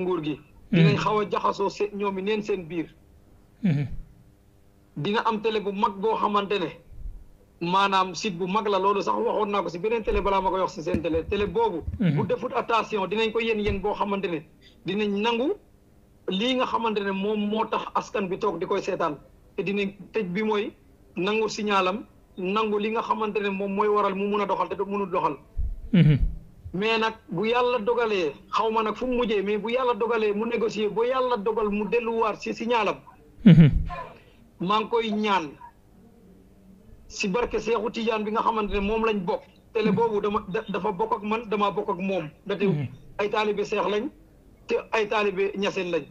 nguur gi hmm. dinañ xaw a jaxasoo seen ñoom i neen seen biir hmm. dina am télé bu mag boo xamante ne maanaam site bu mag la loolu sax waxoon naa ko si beneen télé balaa ma koy wax si seen télé télé boobu hmm. bu defut attention dinañ ko yéen yéen boo xamante ne dinañ nangu lii nga xamante ne moom moo tax askan bi toog di koy seetaan te dinañ bi mooy nangu signalam nangu li nga xamante ne moom mooy waral mu mun a doxal te du doxal mais nag bu yàlla dogalee xaw ma nag fu mu mujjee mais bu yàlla dogalee mu négocier ba yàlla dogal mu delluwaat si signalam mhm. maa ngi koy ñaan si barke Seexu Tijaan bi nga xamante ne moom lañ bokk télé mhm. boobu dama dafa bokk man damaa bokk ak moom mhm. date ay taalibe seex lañ te ay taalibe ñaseen lañ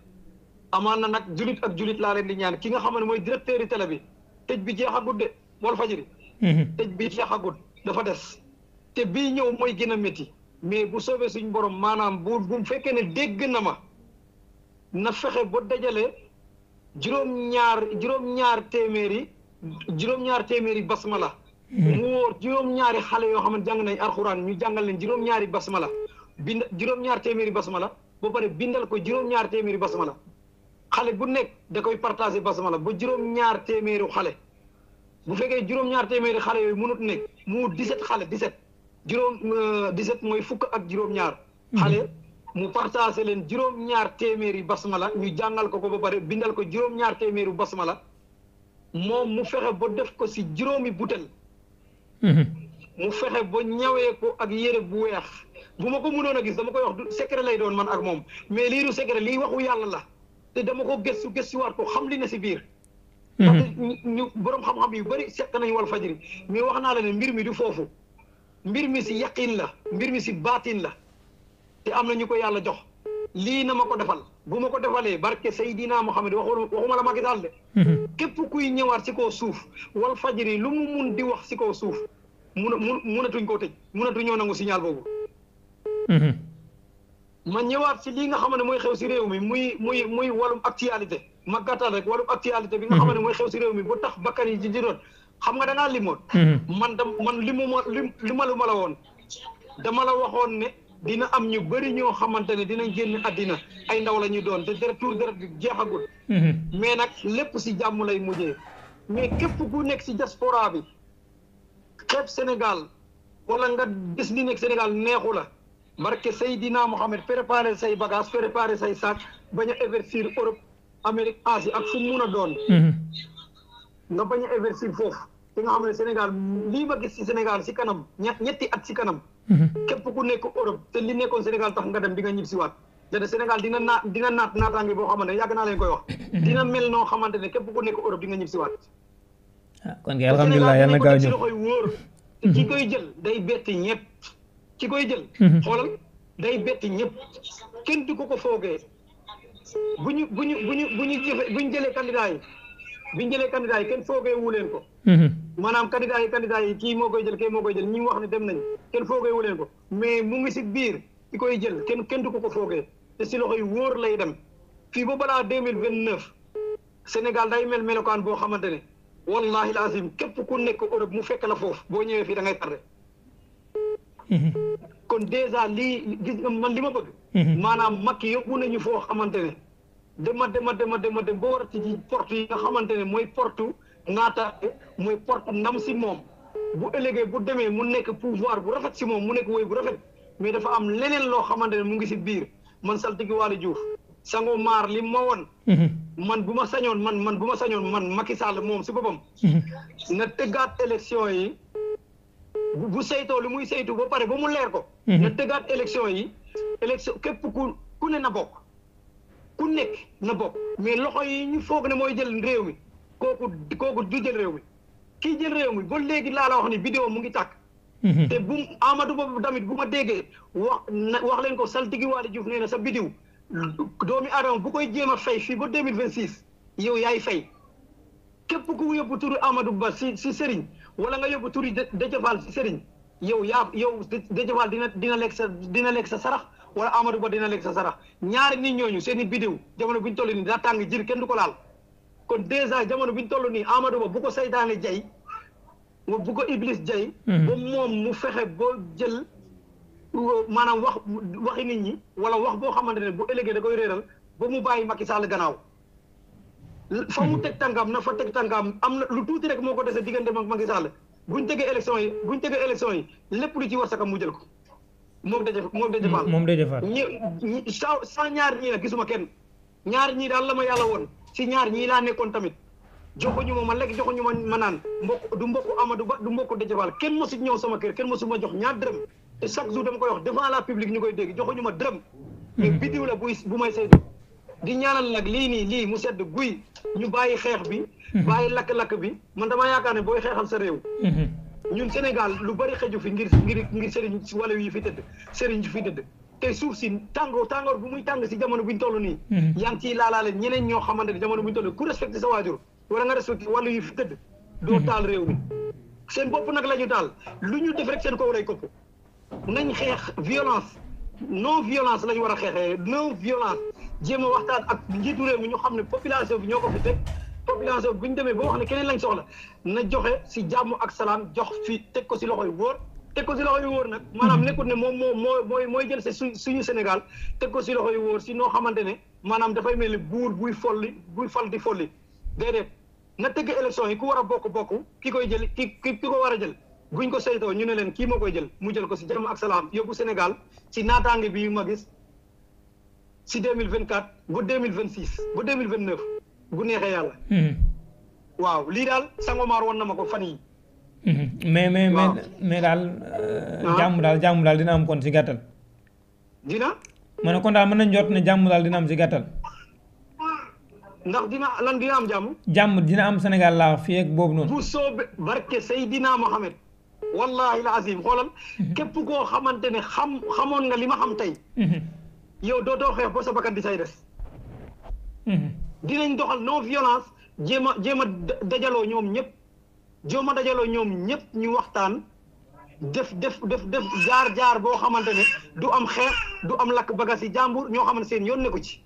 amaan na nag julit ak julit laa leen di ñaan ki nga xam ne mooy directeur yi télé bi tëj bi jeexagut de Walfadjri tëj bi jeexagut dafa des te bii ñëw mooy gën a métti mais bu soobee suñ borom maanaam bu bu fekkee ne dégg na ma na fexe boo dajale juróom-ñaar juróom-ñaar téeméeri juróom-ñaar téeméeri basmala. Hmm. mu wóor juróom-ñaari xale yoo xam ne jàng nañ alxuraan ñu jàngal leen juróom-ñaari basmala bind juróom-ñaar téeméeri basmala ba pare bindal ko juróom-ñaar téeméeri basmala xale bu nekk da koy partagé basmala ba juróom-ñaar téeméeru xale bu fekkee juróom-ñaar téeméeri xale yooyu mënut nekk mu 17 xale diset juróom euh, set mooy fukk ak juróom-ñaar. Hmm. xale mu partagé leen juróom-ñaar téeméeri basmala ñu jàngal ko ko ba pare bindal ko juróom-ñaar téeméeri basmala moom mu fexe ba def ko si juróomi butel. Hmm. mu fexe ba ñawee ko ak yére bu weex bu ma ko mënoon a gis dama koy wax du secret lay doon man ak moom mais lii du secret lii waxu yàlla la te dama ko gëstu gëstuwaat ko xam li ne si biir. Hmm. parce que xam-xam yu bari seq nañu wal fajri mais wax naa la ne mbir mi d foofu. mbir mi si yaqin la mbir mi si baatin la te am na ñu ko yàlla jox lii na ma ko defal bu ma ko defalee barke Seydina Mohamed waxu waxuma la Macky Sall de mhm. képp kuy ñëwaat si kaw suuf wal fajiri lu mu mun di wax si kaw suuf mun mun munatuñ koo tëj munatuñoo nangu signal boobu mhm. ma ñëwaat si lii nga xam ne mooy xew si réew mi muy muy muy wàllum actualité ma gàttal rek wàllum actualité bi nga mhm. xam mooy xew si réew mi bu tax bakkan yi ji di xam nga da ngaa mm-hmm. man dam man limu ma lim limalu ma la woon dama la waxoon ne dina am ñu bëri ñoo xamante ne dinañ génn àddina ay ndaw la ñu doon te deret tuur deret bi jeexagul. Mm-hmm. nag lépp si jàmm lay mujjee mais képp ku nekk si diaspora bi xeeb Sénégal wala nga gis li nekk Sénégal neexu la barke Seydina Mohamed préparé say bagage préparé say sac bañ a evertir Europe Amérique Asie ak fu mu mun a doon. Mm-hmm. nga bañ a investir foofu te nga xam ne Sénégal lii ma gis ci Sénégal si kanam ñetti at ci kanam. Mhm. képp ku nekk Europe te li nekkoon Sénégal tax nga dem di nga ñib si waat te Sénégal dina naat dina naat naataange boo xamante ne yàgg naa leen koy wax. Mhm. dina mel noo xamante ne képp ku nekk Europe di nga si waat. ah kon kay alhamdulilah yàlla na gaaw ñëw loxoy wóor mhm. koy jël day betti ñëpp ki koy jël. xoolal day betti ñëpp kenn du ko ko foogee bu ñu bu ñu bu ñu bu ñu jëlee candidat yi. biñ jëlee candidat yi kenn foogee wu leen ko mhm. maanaam candidat yi candidat yi kii moo koy jël kii moo koy jël ñi wax ne dem nañ kenn foogee wu leen ko mais mu ngi si biir ki koy jël kenn kenn du ko ko foogee te si loxo yi wóor lay dem fii ba balaa deux mille vingt neuf Sénégal day mel melokaan boo xamante ne wallahi lazim képp ku nekk Europe mu fekk la foofu boo ñëwee fii da ngay mhm. kon dèjà lii gis man li ma bëgg mhm. maanaam Macky yóbbu nañu foo xamante ne dema dema dema dema dem ba war a tijji porte yi nga xamante ne mooy porte ngaataate mooy porte ndam si moom bu ëllëgee bu demee mu nekk pouvoir bu rafet si moom mu nekk woy bu rafet mais dafa am leneen loo xamante ne mu ngi si biir man saltigi Waly Diouf sango maar li ma woon mhm. man bu ma sañoon man man bu ma sañoon man Macky Sall moom si boppam mhm. na tëggaat élection yi bu saytoo li muy saytu ba pare ba mu leer ko mhm. na tëggaat élection yi élection képp ku ku ne na bokk ku nekk na bokk mais loxo yi ñu foog ne mooy jël réew mi kooku kooku du jël réew mi kii jël réew mi ba léegi laa la wax ni vidéo mu ngi tàkk mhm. te bu Amadou boobu tamit bu ma déggee wax wax leen ko saltigi Waly Diouf nee na sa bidiw doomi aadama bu koy jéem a fay fii ba deux mille vingt six yow yaay fay képp ku yóbbu turu Amadou Ba si si Serigne wala nga yóbbu turu Déthié Fall si Serigne yow yaa yow Déthié Fall dina dina lekk sa dina lekk sa sarax wala Amadou Ba dina lekk sa sarax ñaari nit ñooñu seen i bidéw jamono bi ñu toll nii daa tàng jir kenn du ko laal kon dèjà jamono bi ñu toll nii Amadou Ba bu ko saytaane jay nga bu ko Iblis jay hmm. ba moom mu fexe boo jël maanaam wax waxi nit ñi wala wax boo xamante ne bu ëllëgee da koy reeral ba mu bàyyi Macky Sall gannaaw fa mu hmm. teg tànkam na fa teg tànkam am na lu tuuti rek moo ko dese diggante ak Macky Sall buñ tegee élection yi buñ tegee élection yi lépp lu ci war saka mu jël ko moom daje moom daje faal moom daje faal ñi sans ñaar ñii la gisuma kenn ñaar ñii daal la ma yàlla woon si ñaar ñii laa nekkoon tamit joxuñu ma ma lekk joxuñu ma ma naan mbokk du mbokk Amadou Ba du mbokk daje faal kenn mosu ñëw sama kër kenn mosu ma jox ñaar dërëm te chaque jour dama koy wax devant la public ñu koy dégg joxuñu ma dërëm hmm. mais biddiw la buy bu may saytu di ñaanal nag lii nii lii mu sedd guy ñu bàyyi xeex bi mhm. bàyyi lakk-lakk bi man damaa yaakaar ne booy xeexal sa réew mhm. ñun Sénégal lu bari xeju fi ngir ngir ngir sëriñ si wala yi fi tëdd sëriñ fi tëdd te suuf si tàngoor tàngoor bi muy tàng si jamono ñu toll nii mhm. yaa ngi ciy laalaale ñeneen ñoo xamante ne jamono buñ toll ku respecté sa waajur wala nga respecté wala yi fi tëdd doo taal réew mi seen bopp nag la ñu taal lu ñu def rek seen kaw lay kopp nañ xeex violence non violence la ñu war a xeexee non violence jéem a waxtaan ak njiitu réew mi ñu xam ne population bi ñoo ko fi teg population bi bu ñu demee boo wax ne keneen lañ soxla na joxe si jàmm ak salaan jox fi teg ko si loxo yu wóor teg ko si loxo yu wóor nag maanaam nekkul ne moom moo moo mooy mooy jël suñ suñu Sénégal teg ko si loxo yu wóor si noo xamante ne maanaam dafay mel ni buur buy folli buy fal di folli déedéet na tëgg élection yi ku war a bokk bokk ki koy jël ki ki ko war a jël guñ ko saytoo ñu ne leen kii moo koy jël mu jël ko si jàmm ak salaam yóbbu Sénégal ci naataange bi yu ma gis si deux mille vingt quatre ba deux mille vingt six ba deux mille vingt neuf bu neexee yàlla. Hmm. waaw lii daal Sangomar woon na ma ko fan yi hmm. mais mais mais mais daal. Euh, ah. jàmm daal jàmm daal dina am kon si gàttal. dina. ma ne kon daal mën nañ jot ne jàmm daal dina am si gàttal. ndax dina lan dina am jàmm. jàmm dina am Sénégal laa fii ak boobu noonu. bu soobee barke Seydina Mohamed. wallahi la azim xoolal. Hmm. képp koo xamante ne xam xamoon nga li ma xam tey. yow doo xeex ba sa di say des. Hmm. dinañ doxal noo violence jéem a jéem a dajaloo ñoom ñëpp jéem a dajaloo ñoom ñëpp ñu waxtaan def def def def jaar jaar boo xamante ne du am xeex du am lakk bagas yi jàmbur ñoo xamante seen yoon ne ko ci.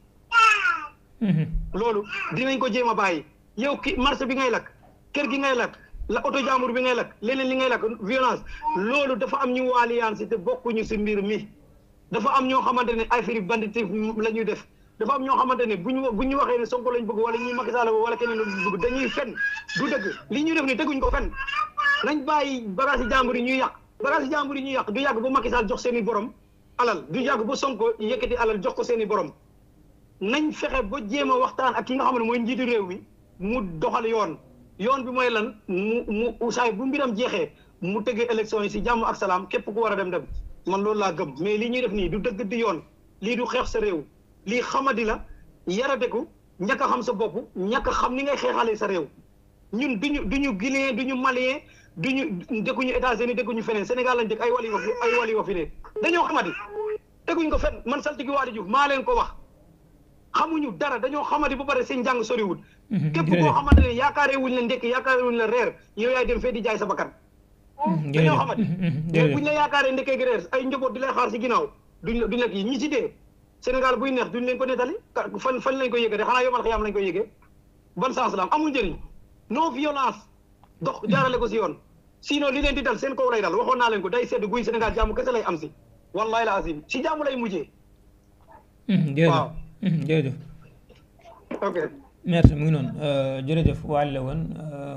Hmm. loolu dinañ ko jéem a bàyyi yow ki marché bi ngay lakk kër gi ngay lakk la oto jàmbur bi ngay lakk leneen li ngay lakk violence loolu dafa am ñu waaliyaan si te bokkuñu si mbir mi. dafa am ñoo xamante ne affaire banditisme la ñuy def dafa am ñoo xamante ne bu ñu bu ñu waxee ne Sonko lañ bëgg wala ñuy Macky Sall wala keneen la bëgg dañuy fen du dëgg li ñuy def ni teguñ ko fen nañ bàyyi bagages yi jàmbur yi ñuy yàq bagages yi jàmbur ñuy yàq du yàgg ba Macky Sall jox seeni borom alal du yàgg ba Sonko yëkkati alal jox ko seeni i borom nañ fexe ba jéem a waxtaan ak ki nga xam ne mooy njiitu réew mi mu doxal yoon yoon bi mooy lan mu mu usaay bu mbiram jeexee mu tëggee élection yi si jàmm ak képp ku war a dem dem man loolu laa gëm mais lii ñuy def nii du dëgg di yoon lii du xeex sa réew lii xamadi la yaradeku ñàkk a xam sa bopp ñàkk a xam ni ngay xeexalee sa réew ñun du ñu duñu duñu guinéen duñu malien duñu ñu états-unis dëkkuñu feneen sénégal lañ dëkk ay wali wa ay wali wa fi ne dañoo xamadi dëkkuñ ko fenn man saltigi Waly Diouf maa leen ko wax xamuñu dara dañoo xamadi ba pare seen njàng soriwul mhm. képp koo xamante ne yaakaaree la ndekki yaakaaree wuñ la reer yow yaay dem fee di jaay sa bakkan Mmh, mmh, dañoo xamati mais mmh, buñ la yaakaaree ndekkee grèce ay njaboot di lay xaar si ginnaaw duñ duñ la kii ñi si dee Sénégal buy neex duñ leen ko nettali fan fan lañ koy yëgee de xanaa yomal xiyaam lañ koy yëgee ban sens la am amul njëriñ non violence dox jaarale ko si yoon sinon li leen di dal seen kaw lay dal waxoon naa leen ko day sedd guy Sénégal jàmm kese lay am si wallahi la azim si jàmm lay mujjee waaw jërëjëf ok merci mu ngi noonu euh, jërëjëf wàll la euh,